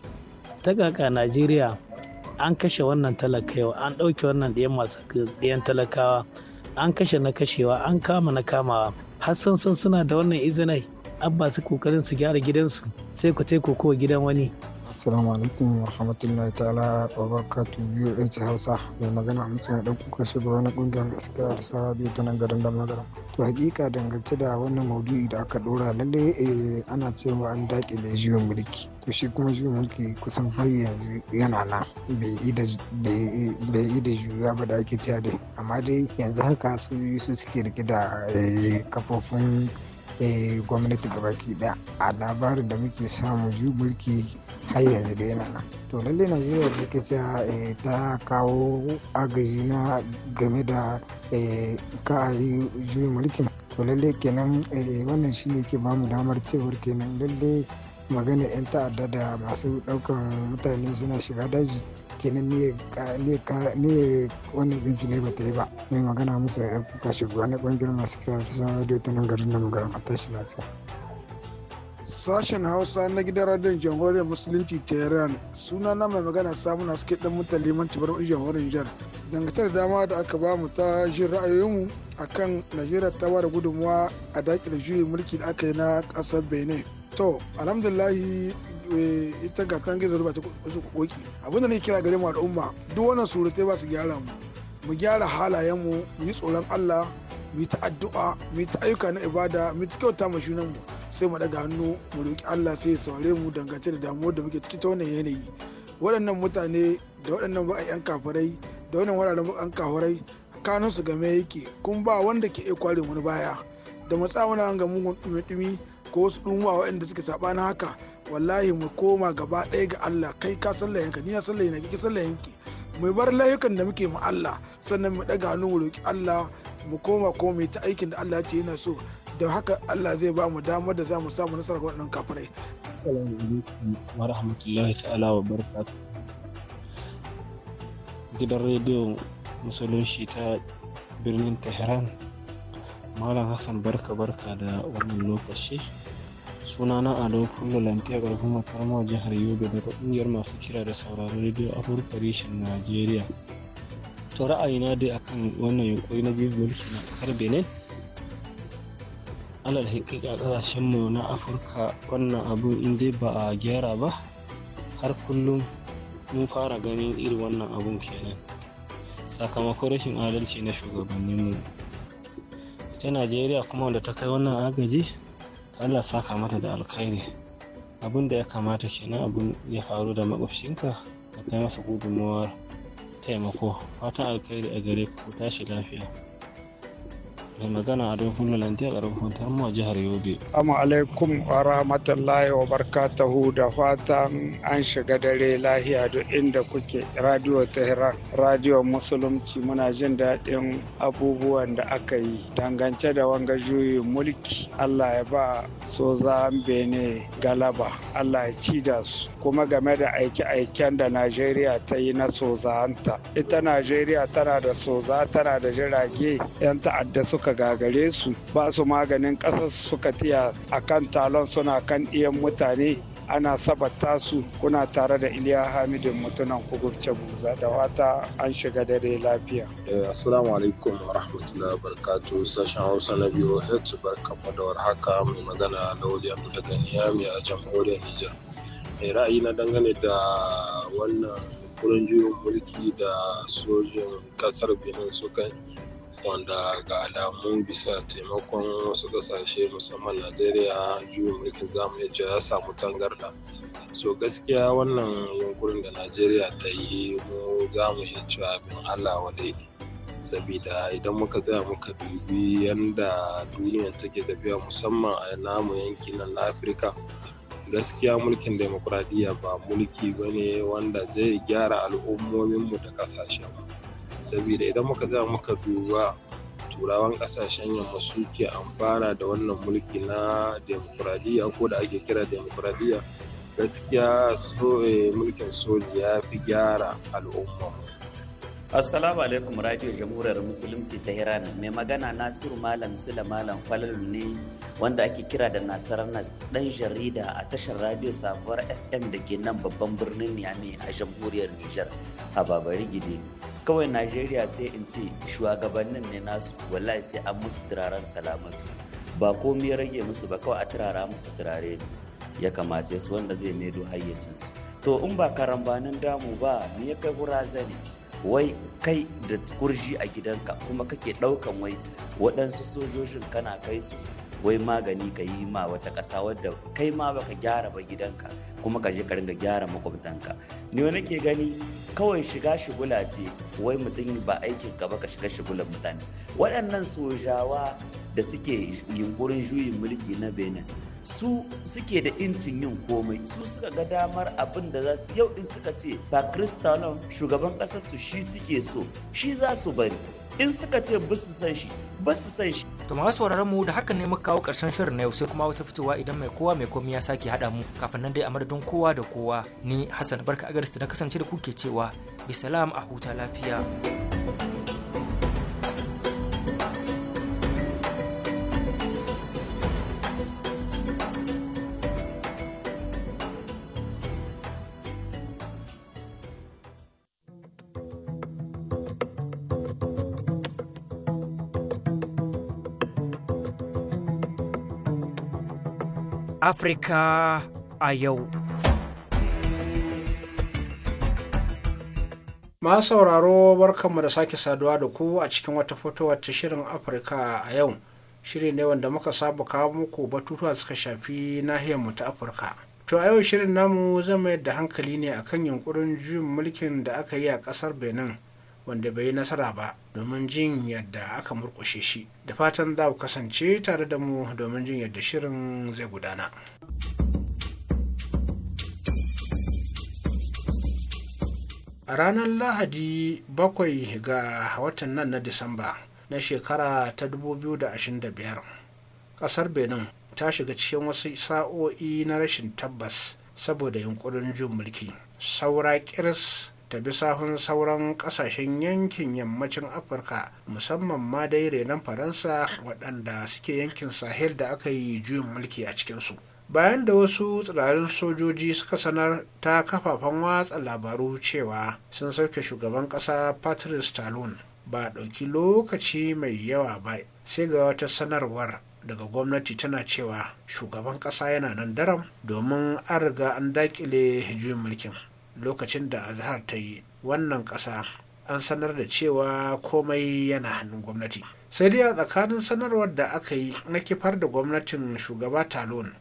ta kaka najeriya an kashe wannan talakawa an ɗauke wannan ɗayan masu ɗayan talakawa an kashe na kashewa an kama na kamawa har sun suna da wannan izinai abba su kokarin su gyara gidansu sai ku taiko kowa gidan wani Assalamu alaikum wa rahmatullahi ta'ala wa barakatu biyu a H Hausa mai magana a mai ɗan kuka shugaba na ƙungiyar gaskiya da sa biyu ta nan garin da magana. To hakika dangance da wannan maudu'i da aka ɗora lalle eh, ana cewa an da jiwon mulki. To shi kuma jiwon mulki kusan har yanzu yana nan bai yi da juya ba da ake cewa dai. Amma dai yanzu haka su suke rike da eh, kafofin gwamnati baki ɗaya a labarin da muke samu ju mulki har yanzu dai yana nan to lalle najeriya da suke cewa eh, ta kawo agaji na game da eh, ka a yi juyin mulkin to lalle kenan eh, wannan shi ne ke bamu damar cewar kenan lalle magana 'yan ta'adda da masu ɗaukan mutane suna shiga daji kenan ne wannan din su ne ba ta yi ba mai magana musu da ɗan kashi guwa na ƙungiyar masu kira da sauran radio ta nan garin da magana a tashi lafiya. Sashen Hausa na gidan radiyon jamhuriyar Musulunci Tehran suna na mai magana samu na suke dan mutan liman cibar jamhuriyar Nijar. Dangantar dama da aka ba mu ta jin ra'ayoyinmu akan Najeriya ta ba da gudunmuwa a daƙile juyin mulki da aka yi na kasar Benin. to alhamdulillahi ita ga kan gizo ba ta kusa koki abin ne kira gare mu al'umma duk wannan surutai ba su gyara mu mu gyara halayen mu mu yi tsoron Allah mu yi ta addu'a mu yi ta ayyuka na ibada mu yi kyauta ma shunan mu sai mu daga hannu mu roki Allah sai ya saurare mu dangance da damuwar da muke ciki ta wannan yanayi waɗannan mutane da waɗannan ba'ayyan kafirai da wannan wuraren an kafirai kanunsu game yake kun ba wanda ke iya kware wani baya da na ga mugun dumi-dumi ko wasu ɗumuwa waɗanda suke na haka wallahi mu koma gaba ɗaya ga Allah kai ka sallah yanka ni ya sallah yanka ki sallah yanki mu bar layukan da muke mu Allah sannan mu ɗaga hannu mu roki Allah mu koma ko mu ta aikin da Allah ya ce yana so da haka Allah zai ba mu damar da za mu samu nasara ga waɗannan kafirai. Assalamu wa rahmatullahi ta'ala wa barakatuh. Gidan rediyo musulunci ta birnin Tehran. Malam Hassan barka barka da wannan lokaci. sunana ado kullu karfin ƙarfin matarmawa jihar yobe daga ƙungiyar masu kira da sauraron rediyo afirka reshen najeriya to ra'ayina dai akan wannan yunkuri na biyu mulki na kasar benin alal hakika ƙasashen mu na afirka wannan abu in dai ba a gyara ba har kullum mun fara ganin irin wannan abun kenan sakamakon rashin adalci na shugabanninmu ta najeriya kuma wanda ta kai wannan agaji Allah saka mata da alkhairi abin da ya kamata kenan abin ya faru da makwabcinka ka kai masa gudunmawar taimako fatan alkhairi a gare ku tashi lafiya mai magana a rufin a rufin tamu a jihar yobe amma alaikum wa rahmatullahi wa da fatan an shiga dare lahiya duk inda kuke radio tehran radio musulunci muna jin daɗin abubuwan da aka yi dangance da wanga juyin mulki allah ya ba soza bene galaba allah ya ci da su kuma game da aike-aiken da najeriya ta yi na sozanta ita najeriya tana da soza tana da jirage 'yan ta'adda suka suka gagare su ba su maganin ƙasar suka tiya a kan talon suna kan iyan mutane ana sabata su kuna tare da iliya hamidin mutunan kugurce buza da wata an shiga dare lafiya eh, assalamu alaikum wa rahmatullahi wa barakatu sashen hausa na biyu hajji barkamu da haka mai magana da wuli abu daga niyami a jamhuriyar nijar mai eh, ra'ayi na dangane da wannan kurin mulki da sojin kasar benin suka yi wanda ga alamu bisa taimakon wasu kasashe musamman najeriya juyin mulkin zamu iya cewa ya samu tangarda so gaskiya wannan yunkurin da najeriya ta yi mu za mu iya cewa abin allah wadai sabida idan muka tsaya muka dubi yadda duniya take tafiya musamman a namu yanki nan na afirka gaskiya mulkin demokuraɗiyya ba mulki ba ne wanda zai gyara al'ummominmu da ƙasashenmu sabida idan muka ga muka duba turawan kasashen yamma su ke amfana da wannan mulki na demokuraɗiyya ko da ake kira demokuraɗiyya gaskiya eh, mulkin soji ya fi gyara al'umma Assalamu alaikum Radio Jamhuriyar Musulunci ta Iran mai magana Nasiru Malam Sula Malam Falalu ne wanda ake kira da Nas dan jarida a tashar Radio Safar FM da ke nan babban birnin Niamey a Jamhuriyar Nijar a Babari Gidi. Kawai Najeriya sai in ce shugabannin ne nasu wallahi sai an musu turaren salamatu. Ba komai rage musu ba kawai a turara musu turare ne. Ya kamace su wanda zai maido hayyacinsu. To in ba karambanin damu ba me ya kai hura zane? wai kai da kurji a gidanka kuma kake ɗaukan wai waɗansu sojojin kana kai su wai magani ka yi ma wata ƙasa wadda kai ma baka gyara ba gidanka kuma ka je ka ringa gyara makwabtanka ni wani ke gani kawai shiga shigula ce wai mutum ba aikin ka ba ka shiga shigulan mutane waɗannan sojawa da suke yunkurin juyin mulki na benin su suke da incin yin komai su suka ga damar abin da za su yau din suka ce ba kristalon shugaban ƙasar su shi suke so shi za su bari in suka ce ba su san shi ba su san shi to masu sauraron mu da haka ne muka kawo karshen shirin na yau sai kuma wata fitowa idan mai kowa mai komai ya sake haɗa mu kafin nan dai a madadin kowa da kowa ni Hassan Barka Agarista na kasance da kuke cewa bisalam a huta lafiya thank you Afirka a yau. Ma sauraro barkanmu da sake saduwa da ku a cikin wata foto ta shirin Afirka a yau. Shiri ne wanda muka saba kawo muku batutuwa suka shafi mu ta Afirka. To a yau shirin namu zai mayar da hankali ne akan yunkurin juyin mulkin da aka yi a ƙasar Benin wanda bai yi nasara ba domin jin yadda aka murkushe shi da fatan za ku kasance tare da mu domin jin yadda shirin zai gudana. a ranar lahadi bakwai ga watan nan na disamba na shekara ta 2025 ƙasar benin ta shiga cikin wasu sa'o'i na rashin tabbas saboda yunkurin jin mulki saura kiris ta bi sahun sauran kasashen yankin yammacin afirka musamman ma dai renon faransa waɗanda suke yankin sahel da aka yi juyin mulki a cikinsu bayan da wasu tsirarin sojoji suka sanar ta kafafen watsa labaru cewa sun sauke shugaban ƙasa patrice talon ba ɗauki lokaci mai yawa ba sai ga wata sanarwar daga gwamnati tana cewa shugaban ƙasa yana nan daram domin an riga an daƙile juyin mulkin lokacin da azhar ta yi wannan ƙasa an sanar da cewa komai yana hannun gwamnati sai dai a tsakanin sanarwar da aka yi na kifar da gwamnatin shugaba talon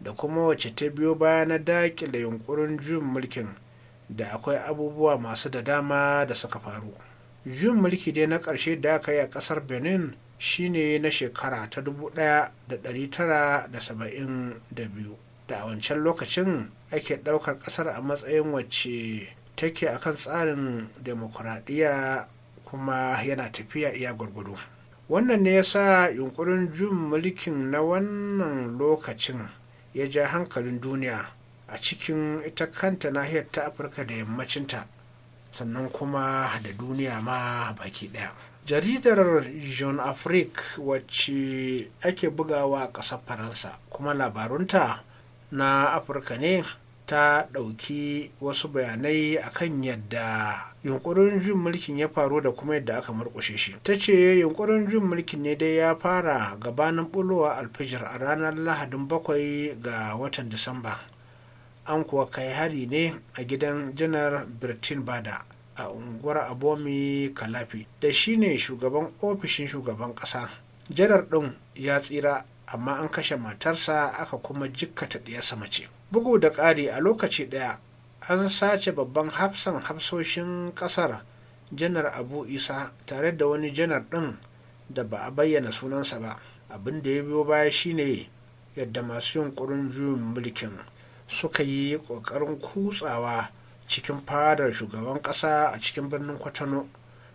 da kuma wacce ta biyo baya na daƙile yunkurin juyin mulkin da akwai abubuwa masu da dama da suka faru juyin mulki dai na ƙarshe da aka yi a ƙasar benin shine na shekara ta 1972 da a wancan lokacin ake ɗaukar ƙasar a matsayin wacce take a kan tsarin demokuraɗiyya kuma yana tafiya iya gwargwado wannan ne ya sa yunkurin jin mulkin na wannan lokacin ya ja hankalin duniya a cikin ita kanta nahiyar ta afirka da yammacinta sannan kuma da duniya ma baki ɗaya jaridar jean afrique wacce ake bugawa a ƙasar faransa kuma labarunta na afirka ne ta ɗauki wasu bayanai akan yadda yunkurin jin mulkin ya faru da kuma yadda aka murkushe shi ta ce yunkurin jin mulkin ne dai ya fara gabanin bulowa alfijir a ranar lahadin bakwai ga watan disamba an kuwa kai hari ne a gidan janar birtin bada a unguwar abomi kalafi da shine shugaban ofishin shugaban ƙasa janar ɗin ya tsira amma an kashe matarsa aka kuma jikkata ɗiyarsa mace bugu da ƙari a lokaci ɗaya an sace babban hafsan hafsoshin ƙasar janar abu isa tare da wani janar ɗin da ba a bayyana sunansa ba abin da ya biyo baya shine yadda masu yunƙurin juyin mulkin suka yi ƙoƙarin kutsawa cikin fadar shugaban ƙasa a cikin birnin kwatano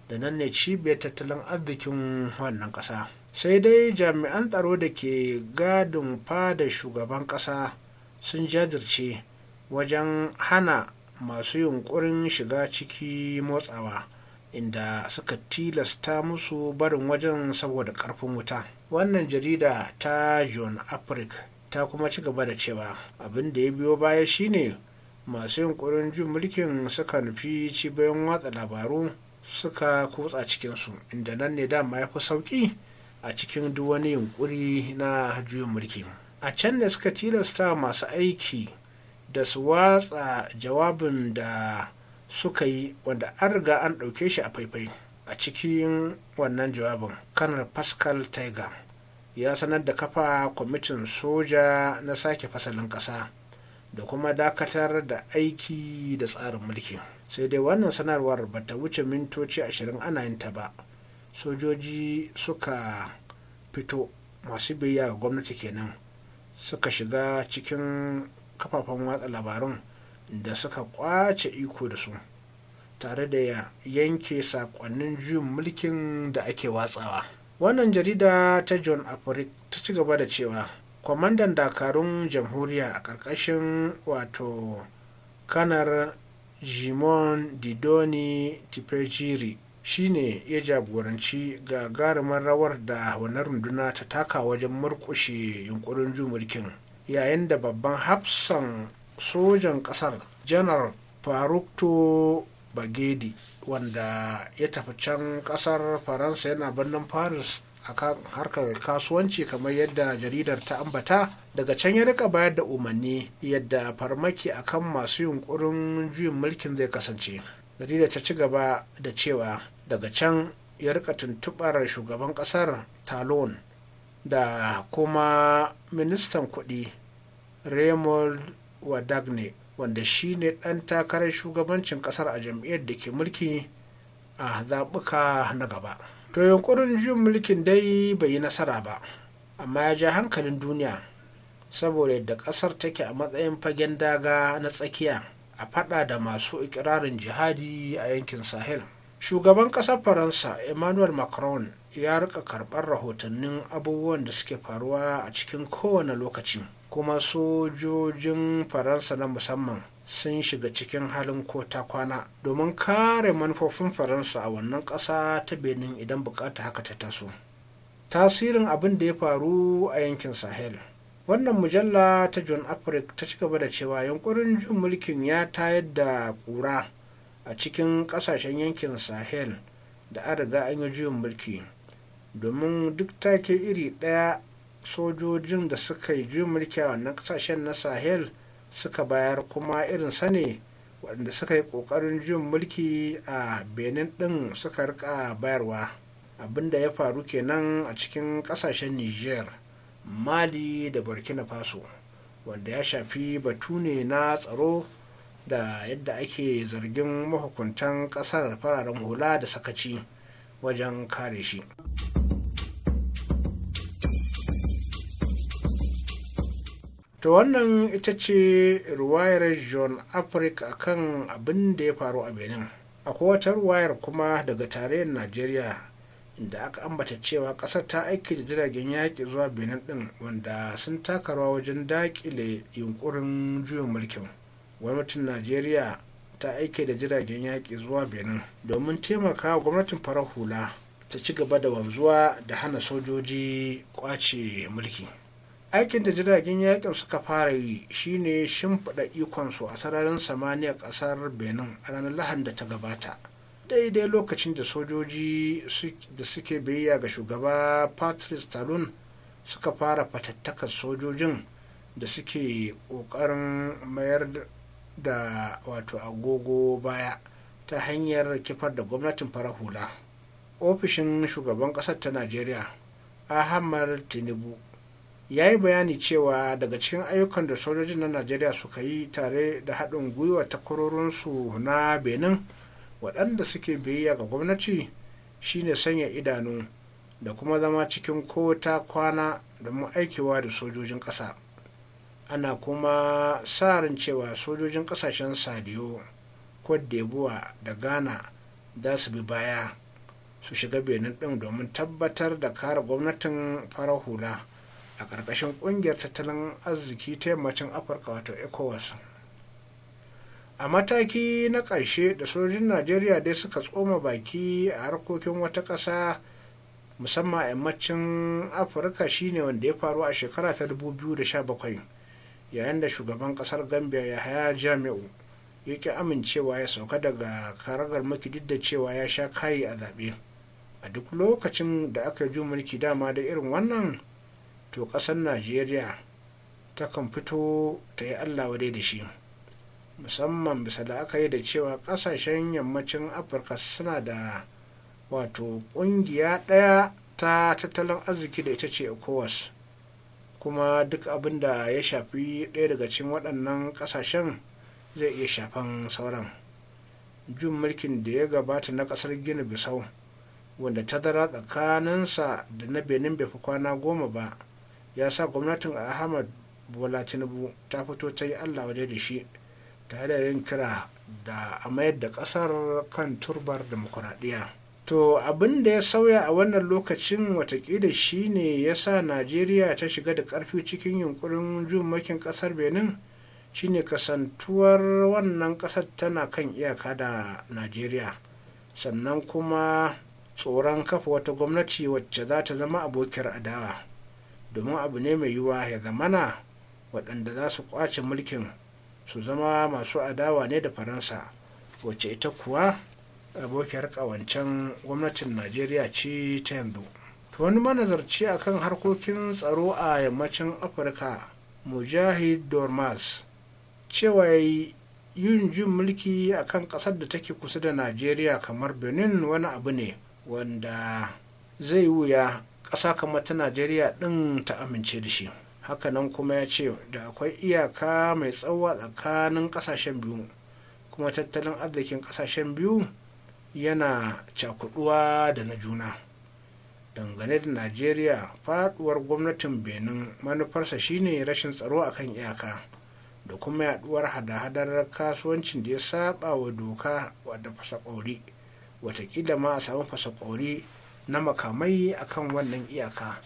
da nan ne cibiyar tattalin arzikin wannan ƙasa sai dai jami'an tsaro da ke gadin fada shugaban ƙasa sun jajirce wajen hana masu yunkurin shiga ciki motsawa inda suka tilasta musu barin wajen saboda ƙarfin wuta wannan jarida ta john afrik ta kuma ci gaba da cewa abin da ya biyo baya shine masu yunkurin jin mulkin suka nufi cibiyoyin watsa labaru suka kutsa cikinsu inda nan ne dama ya fi sauƙi a cikin duk wani yunkuri na juyin mulki a can ne suka tilasta masu aiki da su watsa jawabin da suka yi wanda an riga an ɗauke shi a faifai a cikin wannan jawabin kanar pascal tiger ya sanar da kafa kwamitin soja na sake fasalin ƙasa da kuma dakatar da aiki da tsarin mulki sai dai wannan sanarwar ba ta wuce mintoci ashirin ana yin ta ba sojoji suka fito masu biya ga gwamnati kenan suka shiga cikin kafafen watsa labarun da suka kwace iko da su tare da yanke sakonnin juyin mulkin da ake watsawa wannan jarida ta john afrik ta ci gaba da cewa kwamandan dakarun jamhuriya a ƙarƙashin wato kanar jimon didoni tipejiri shine ya jagoranci ga gagarumin rawar da wannan runduna ta taka wajen murkushe yunkurin ju mulkin yayin da babban hafsan sojan kasar janar farukto bagedi wanda ya tafi can kasar faransa yana birnin paris kan harkar kasuwanci kamar yadda jaridar ta ambata daga can ya rika bayar da umarni yadda farmaki akan masu yunkurin juyin mulkin zai kasance jarida ta ci gaba da cewa daga can ya rika tuntubar shugaban kasar talon da kuma ministan kuɗi raymond wadagne wanda shi ne ɗan takarar shugabancin ƙasar a jam'iyyar da ke mulki a zaɓuka na gaba to yunkurin jin mulkin dai bai yi nasara ba amma ya ja hankalin duniya saboda yadda ƙasar take a matsayin fagen daga na tsakiya a faɗa da masu ikirarin jihadi a yankin sahel shugaban ƙasar faransa emmanuel macron ya rika karɓar rahotannin abubuwan da suke faruwa a cikin kowane lokaci kuma sojojin faransa na musamman sun shiga cikin halin ko ta kwana domin kare manufofin faransa a wannan ƙasa ta benin idan bukata haka ta taso tasirin abin da ya faru a yankin sahel wannan mujalla ta john afric ta ci gaba da cewa yunkurin jin mulkin ya tayar da kura a cikin kasashen yankin sahel da an riga an yi juyin mulki domin duk take iri ɗaya sojojin da suka yi juyin mulki a wannan kasashen na sahel suka bayar kuma irin sane waɗanda suka yi ƙoƙarin juyin mulki a benin ɗin suka rika bayarwa abinda ya faru kenan a cikin ƙasashen niger mali da burkina faso wanda ya shafi batu ne na tsaro da yadda ake zargin mahukuntan kasar fararen hula da sakaci wajen kare shi Ta wannan ita ce ruwayar john africa akan abin da ya faru a benin akwai wata ruwayar kuma daga tarayyar najeriya da aka ambata cewa kasar ta aiki da jiragen yaƙi zuwa benin ɗin wanda sun taka rawa wajen daƙile yunkurin juyin mulkin gwamnatin najeriya ta aiki da jiragen yaƙi zuwa benin domin taimaka gwamnatin farar hula ta ci gaba da wanzuwa da hana sojoji ƙwace mulki aikin da jiragen yaƙin suka fara yi shine shimfiɗa ikonsu a sararin samaniya ƙasar benin a ranar lahan da ta gabata daidai lokacin da sojoji da suke biyayya ga shugaba patrice talon suka fara fatattakar sojojin da suke ƙoƙarin mayar da wato agogo baya ta hanyar kifar da gwamnatin fara hula ofishin shugaban ƙasar ta najeriya ahmad tinubu ya yi bayani cewa daga cikin ayyukan da sojojin na najeriya suka yi tare da haɗin gwiwa takwarorinsu na benin waɗanda suke biyayya ga gwamnati shine sanya idanu da kuma zama cikin kota kwana da aikewa da sojojin ƙasa ana kuma sa ran cewa sojojin ƙasashen sadiyo debuwa da ghana za su bi baya su shiga benin ɗin domin tabbatar da kare gwamnatin farar hula a ƙarƙashin ƙungiyar tattalin arziki ta yammacin afirka wato ecowas a mataki na ƙarshe da sojin najeriya dai suka tsoma baki a harkokin wata ƙasa musamman a yammacin afirka shine wanda ya faru a shekara ta 2017 yayin da shugaban ƙasar gambia ya haya jami'u ya ƙi amincewa ya sauka daga karagar makidid da cewa ya sha kayi a zaɓe a duk lokacin da aka yi mulki dama da irin wannan to ƙasar najeriya takan fito ta yi allah wadai da shi musamman bisa da aka yi da cewa kasashen yammacin afirka suna da wato kungiya ɗaya ta tattalin arziki da ita ce ecowas kuma duk abin da ya shafi ɗaya daga cikin waɗannan ƙasashen zai iya shafan sauran jun mulkin da ya gabata na ƙasar gini bisau wanda ta dara tsakaninsa da na benin bai fi kwana goma ba ya sa gwamnatin ahmad bola tinubu ta fito ta yi allah da shi tare da kira da a mayar da kasar kan turbar demokuraɗiyya to abin da ya sauya a wannan lokacin watakila shine ya sa najeriya ta shiga da ƙarfi cikin yunkurin makin ƙasar benin shine kasantuwar wannan ƙasar tana kan iyaka da najeriya sannan kuma tsoron kafa wata gwamnati wacce za ta zama abokiyar adawa domin abu ne mai yiwuwa ya zamana waɗanda za su kwace mulkin su zama masu adawa ne da faransa wacce ita kuwa abokiyar kawancen gwamnatin najeriya ce ta yanzu wani manazarci akan harkokin tsaro a yammacin afirka mujahid dormas cewa yin jin mulki a kan ƙasar da take kusa da najeriya kamar benin wani abu ne wanda zai wuya ƙasa kamar ta najeriya ɗin ta amince da shi hakanan kuma ya ce da akwai iyaka mai tsawo tsakanin kasashen biyu kuma tattalin arzikin kasashen biyu yana cakuduwa da na juna dangane da najeriya faduwar gwamnatin benin manufarsa shine rashin tsaro akan iyaka da kuma yaduwar hada-hadar kasuwancin da ya saba wa doka wadda fasakori watakila ma a samu fasakori na makamai akan wannan iyaka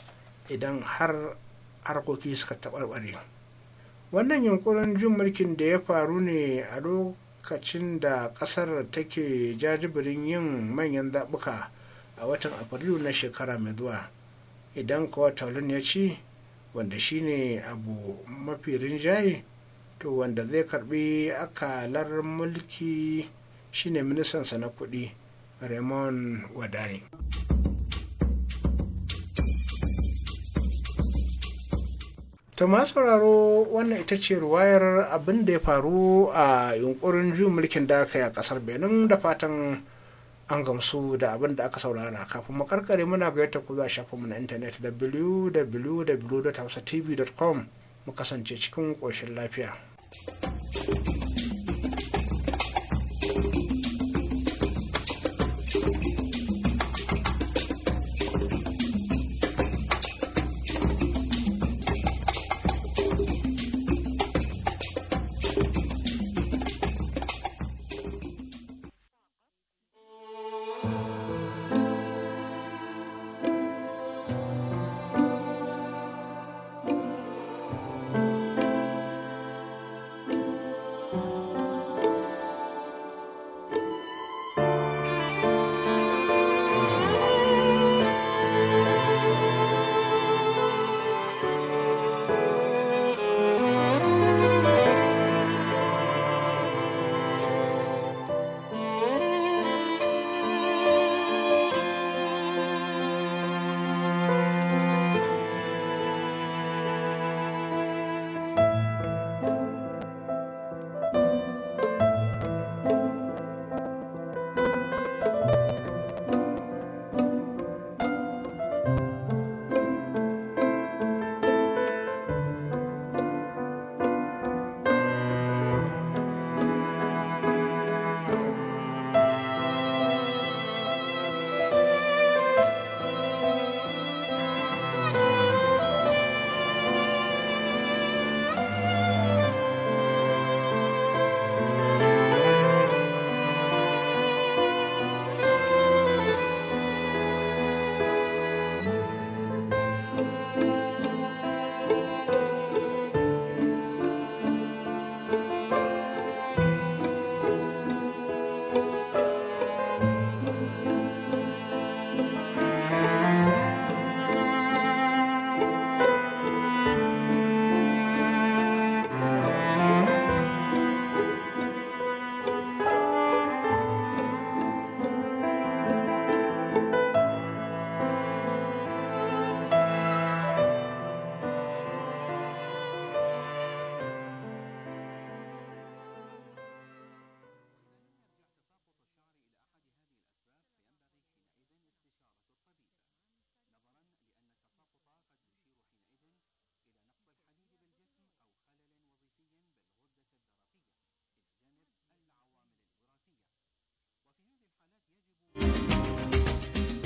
idan har harkoki suka taɓarɓare wannan yunkurin jin mulkin da ya faru ne a lokacin da ƙasar take jajibirin yin manyan zaɓuka a watan afrilu na shekara mai zuwa idan kuwa ya ci wanda shine abu mafi rinjaye to wanda zai karbi akalar mulki shine ministansa na kuɗi, raymond wadani Ta ma sauraro wannan ita ce ruwayar abin da ya faru a yunkurin juyin mulkin da aka yi a kasar benin da fatan an gamsu da abin da aka saurara kafin mu karkare, muna yadda ku za shafin mu na intanet www.hausatv.com mu kasance cikin ƙoshin lafiya. thank you